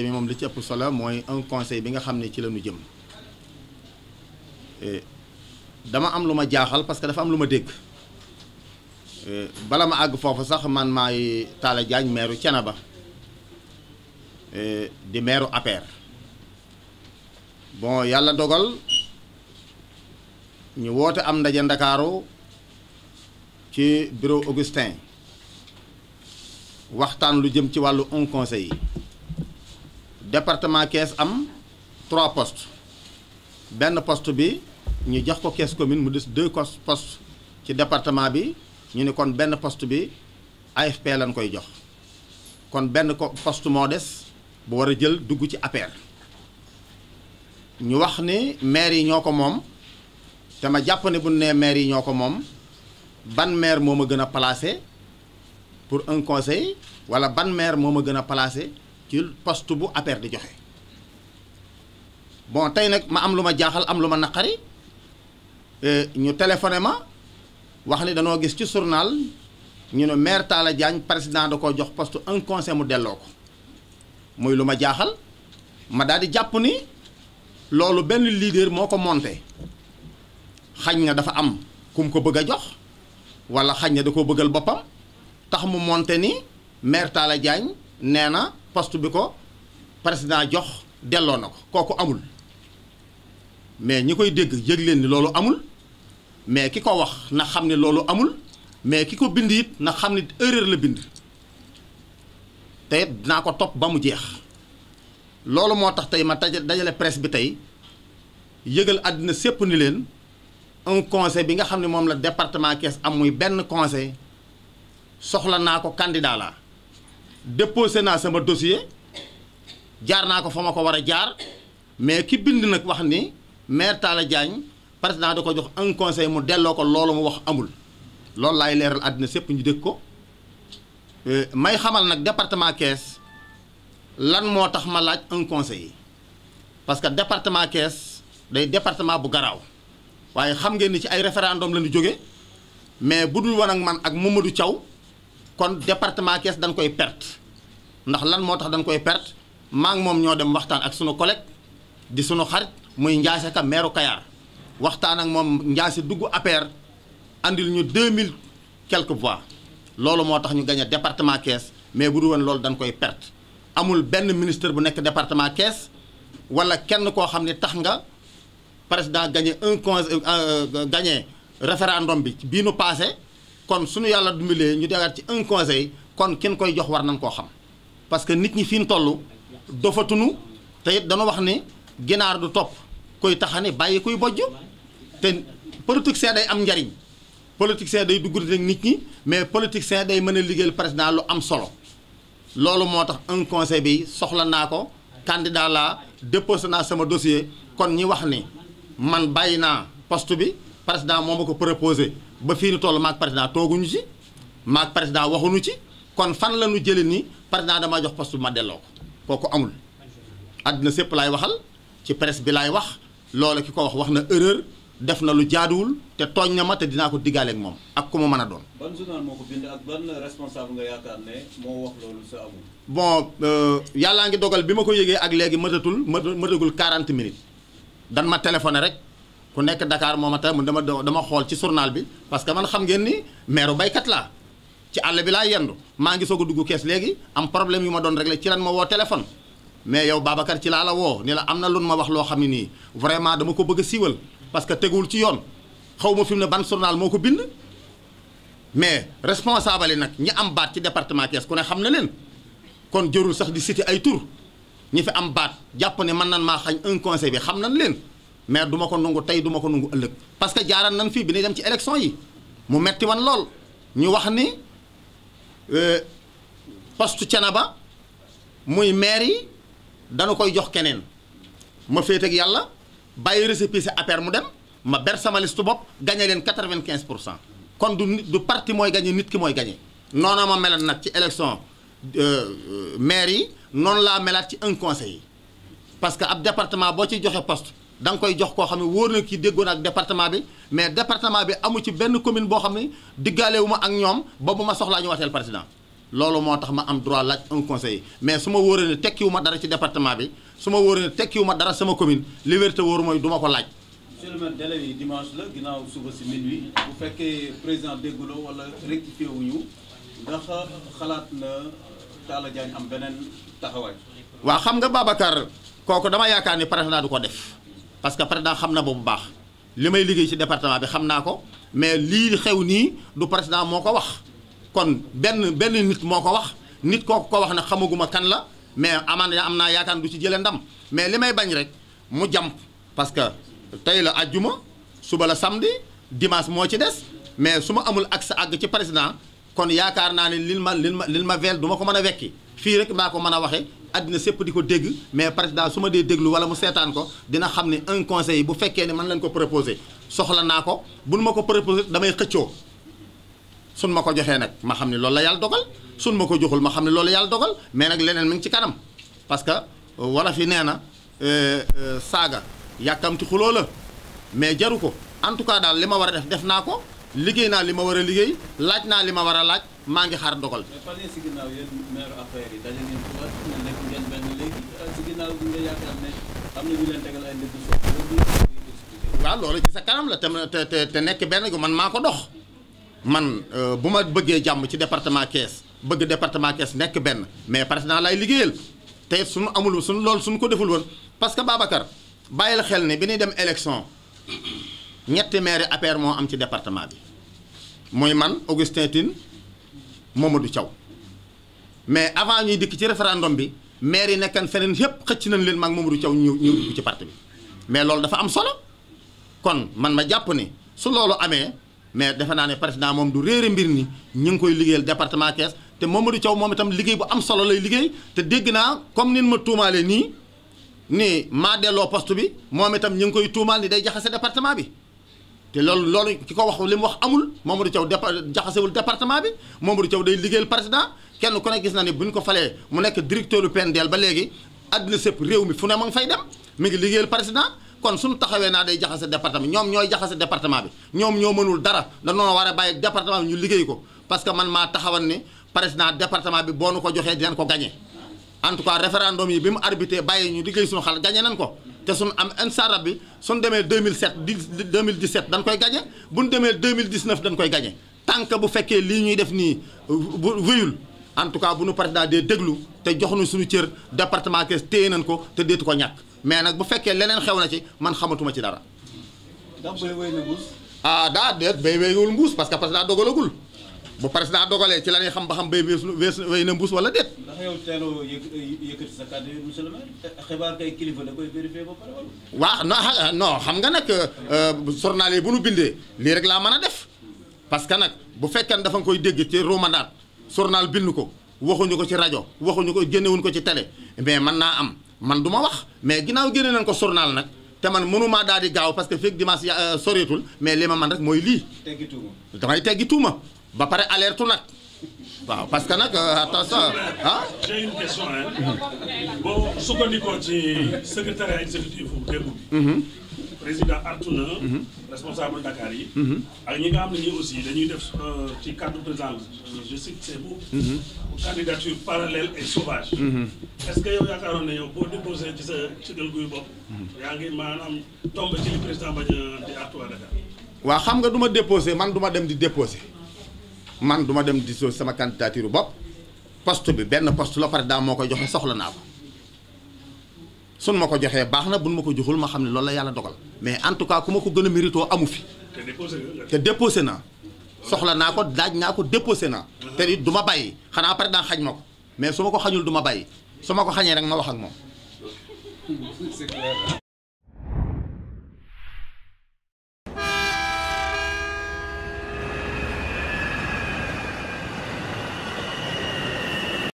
ndaje moom li ci ëpp solo mooy un conseil bi nga xam ne ci la jëm eh, dama am lu ma jaaxal parce que dafa am lu ma dégg eh, bala ma àgg foofu sax man maay Talla Diagne meeru Thiénaba eh, di meeru APR bon yàlla dogal ñu woote am ndaje ndakaaru ci bureau Augustin waxtaan lu jëm ci wàllu un conseil yi département Kees am trois post benn post bi ñu jox ko Kees commune mu des deux postes ci département bi ñu ne kon benn poste bi AFP lañ koy jox kon benn ko poste moo des bu war a jël dugg ci APR ñu wax ni maire yi ñoo ko moom te ma jàpp ne bu nee maire yi ñoo ko moom ban maire moo ma gën a placé pour un conseil wala ban maire moo ma gën a placé ci poste bu APR di joxe bon tey nag ma am lu ma jaaxal am lu ma naqari euh, ñu téléphoné ma wax ni danoo gis ci journal ñu ne maire taala Diagne président da koo jox poste un conseil mu delloo ko muy lu ma jaaxal ma daal di jàpp ni loolu benn leader moo ko monté xañ na dafa am ku mu ko bëgg a jox wala xañ na da koo bëggal boppam tax mu monte ni maire Talla Diagne nee na poste bi ko président jox delloo na ko kooku amul mais ñi koy dégg yëg leen ni loolu amul mais ki ko wax na xam ne loolu amul mais ki ko bind it na xam ni erreur la bind te it dinaa ko topp ba mu jeex loolu moo tax tey ma dajale presse bi tey yëgal àddina sépp ni leen un conseil bi nga xam ne moom la département kees am muy benn conseil soxla naa ko candidat laa déppose naa sama dossier jaar naa ko fa ma ko war a jaar mais ki bind nag wax ni maire Talla Diagne président da ko jox un conseil mu delloo ko loolu mu wax amul loolu laay leeral àddina sépp ñu dégg ko euh, may xamal nag département Kees lan moo tax ma laaj un conseil parce que département Kees day département bu garaaw waaye xam ngeen ni ci ay référendum la ñu jóge mais bu dul woon ak man ak Mamadou caw kon département kees dañ koy perte ndax lan moo tax dañ koy perte maa ngi moom ñoo dem waxtaan ak sunu collègue di sunu xarit muy Ndiassé Ka meeru Kayar waxtaan ak moom Ndiassé dugg APR andil ñu mille quelques voix loolu moo tax ñu gañe département kees mais bu du woon loolu dañ koy perte amul benn ministre bu nekk département kees wala kenn koo xam ne tax nga président gagné un con euh, euh, gañe référendum bi bii nu passé kon suñu yàlla dimbalee ñu dagaat ci un conseil kon kenn koy jox war nañ koo xam parce que nit ñi fi mu toll dofatunu te it dañu wax ni ginaar du topp koy taxane bàyyi kuy bojj te politicien day am njariñ politicien day dugg rek nit ñi mais politicien day mën a liggéeyal président lu am solo loolu moo tax un conseil bi soxla naa ko candidat la déposé naa sama dossier kon ñi wax ni man bàyyi naa poste bi président moom a ko proposé ba fii ni toll maag président tooguñu ci maag président waxuñu ci kon fan la ñu jëlee ni président damaa jox poste ma delloo ko kooku amul. àddina sépp laay waxal ci presse bi laay wax loola ki ko wax wax na erreur def na lu jaaduwul te tooñ na ma te dinaa ko diggaale moom ak ku ma mën a doom ban journal moo ko bind ak ban responsable nga yaakaar ne moo bon euh, yàllaa ngi dogal bi ma ko yëgee ak léegi mëtatul mëtagul 40 minutes dan ma téléphoné rek. ku nekk Dakar moom itam mu dama xool ci journal bi parce que man xam ngeen ni meeru baykat laa ci àll bi laa yendu maa ngi soog a dugg kees léegi am problème yu ma doon réglé ci lan ma woo téléphone. mais yow Babacar ci laa la woo ni la am na lu ma wax loo xam ne nii vraiment dama ko bëgg a siiwal parce que teguwul ci yoon xaw ma fi mu ne ban journal moo ko bind. mais responsable yi nag ñi am baat ci département Thiès ku ne xam na leen kon jërul sax di cité ay tur ñi fi am baat jàpp ne mën nan maa xañ bi xam nan leen. mais duma ma ko nungu tey du ma ko nungu ëllëg parce que jaaraan nañ fii bi ñuy dem ci élection yi mu metti wan lool ñu wax ni euh, poste Thiénaba muy maire yi dañu koy jox keneen ma féete ak yàlla bàyyi récépissé APR mu dem ma ber sama lestu bopp gagné leen quatre-vingt-quinze pour cent kon du nit du parti mooy gagné nit ki mooy gagné noonu ma melat nag ci élection euh, euh, maire yi noonu laa melaat ci un conseil yi parce que ab département boo ci joxe poste da koy jox koo xam ne wóor na kii déggoon ak département bi mais département bi amu ci benn commune boo xam ne diggaalewu ma ak ñoom ba ma soxlaa ñu wateel président loolu moo tax ma am droit laaj un conseiller mais su ma wóoree ne ma dara ci département bi su ma wóoree ne ma dara sama commune liberté wóoru mooy du ko laaj. monsieur le maire délai suba si minuit bu fekkee président dégguloo wala rectifié wuñu ndax xalaat na Talla Diagne am beneen taxawaay. waaw xam nga Babacar kooku dama yaakaar ni président du ko def. parce que président xam na ba bu baax li may liggéey ci département bi xam naa ko mais lii xew nii du président moo ko wax kon benn benn nit moo ko wax nit kooku ko wax ne xamaguma kan la mais amaan am naa yaakaar du ci jëlee ndam mais li may bañ rek mu jàmp parce que tey la ajjuma suba la samedi dimanche moo ci des mais su ma amul accès àgg ci président kon yaakaar naa ne lin ma lin ma lin ma veel du ma ko mën a wekki fii rek maa ko mën a waxee àddina sépp di ko dégg mais président su ma dee déglu wala mu seetaan ko dina xam ne un conseil bu fekkee ne man lañ ko proposé soxla naa ko buñ ma ko proposé damay xëccoo sun ma ko joxee nag ma xam ne loolu la yàlla dogal sun ma ko joxul ma xam ne loolu la yàlla dogal mais nag leneen mi ci kanam parce que euh, wala fi nee na euh, euh, saaga yàkkamti xuloo la mais jaru ko en tout cas daal li ma war a def def naa ko liggéey naa li ma war a liggéey laaj naa li ma war a laaj maa ngi xaar dogal. Ah, waaw loolu ci sa kanam la te te te nekk benn gu man maa ko dox man euh, bu ma bëggee jàmm ci département Thiès bëgg département Thiès nekk benn mais président laay liggéeyal te suñu amul suñu loolu suñu ko deful woon parce que Babacar bàyyil xel ne bi ñuy dem élection. ñetti maire APR moo am ci département bi mooy man Augustin Tine Mamadou Thiaw mais avant ñuy dikk ci référendum bi maire yi nekkan feneen yëpp xëcc nañ leen maag Mamadou Thiaw ñëw ñëw dugg ci part bi mais loolu dafa am solo kon man ma jàpp ni su loolu amee mais defe naa ne président moom du réere mbir ni ñu ngi koy liggéeyal département Thiès te Mamadou Thiaw moom itam liggéey bu am solo lay liggéey te dégg naa comme nin ma tuumaale nii ni maa delloo poste bi moom itam ñu ngi koy tuumaal ni day jaxase département bi te loolu loolu ki ko wax li mu wax amul Mamadou Thiaw dépa jaxasewul département bi Mamadou Thiaw day liggéeyal président kenn ku ne gis na ni bu ñu ko falee mu nekk directeur du PNDL ba léegi àddina sëpp réew mi fu ne ma fay dem mi ngi liggéeyal président kon suñu taxawee naa day jaxase département ñoom ñooy jaxase département bi ñoom ñoo mënul dara danoo war a bàyyi département bi ñu liggéey ko parce que man maa taxawal ni président département bi boo nu ko joxee dinañ ko en tout cas référendum yi bi mu ñu liggéey suñu xal gagné nañ ko te suñ am incha allah bi suñ demee 2007 di 2017 dañ koy gañe bu ñu demee 2019 dañ koy gañe tant que bu fekkee li ñuy def nii bu wéyul en tout cas bu nu président dee déglu te jox nu suñu cër département Thiès téye nañ ko te déetu ko ñàkk mais nag bu fekkee leneen xew na ci man xamatuma ci dara. ndax bay wéy na mbuus. ah daa déet bay wéyul mbuus parce que président dogalagul bu président dogalee ci la ñuy xam ba xam bay wees wees wéy na mbuus wala déet. tax yow teeloo kilifa da koy vérifier ba pare wala. Ah, ah, xam nga nag euh, journal yi bu nu bindee lii rek laa man a def parce que nag bu fekkee dafa nga koy dégg ci romandaat journal bind ko waxuñu ko ci rajo waxuñu ko génnewuñ ko ci télé mais mën naa am man du ma wax mais ginnaaw génne nañ ko sornaal nag. te man mënumaa daal di gaaw parce que fekk dimanche ya euh, mais li ma man rek mooy lii. damay teggi ba pare alerte nag. waaw parce que nag euh, attention ah. j'ai une question mhm. boo sukkandikoo ci secrétaire exécutif bu démb. Mhm. président artuna mhm. responsable Dakar yi. ak ñi nga xam na ñii aussi dañuy def euh, ci cadre président euh, je cite ces mots. candidature parallèle et sauvage. est-ce que yow yaakaaroon na yow boo déposé ci sa ci dal guy bopp. yaa ngi am tombé ci président ba a di artu waa Dakar. waaw xam nga du ma déposé man duma dem di déposé. man duma ma dem dissoudre sama candidature bopp poste bi benn poste la pare daa moo koy joxe soxla naa ko sun ma ko joxee baax na bu nu ma ko joxul ma xam ne loolu la yàlla dogal mais en tout cas ku ma ko gën a amu fi. te déposé naa soxla naa ko daaj naa ko déposé naa. Uh-huh. te it du ma bàyyi xanaa pare daa xañ ma ko mais su ma ko xañul du ma bàyyi su ma ko xañee rek ma wax ak moom.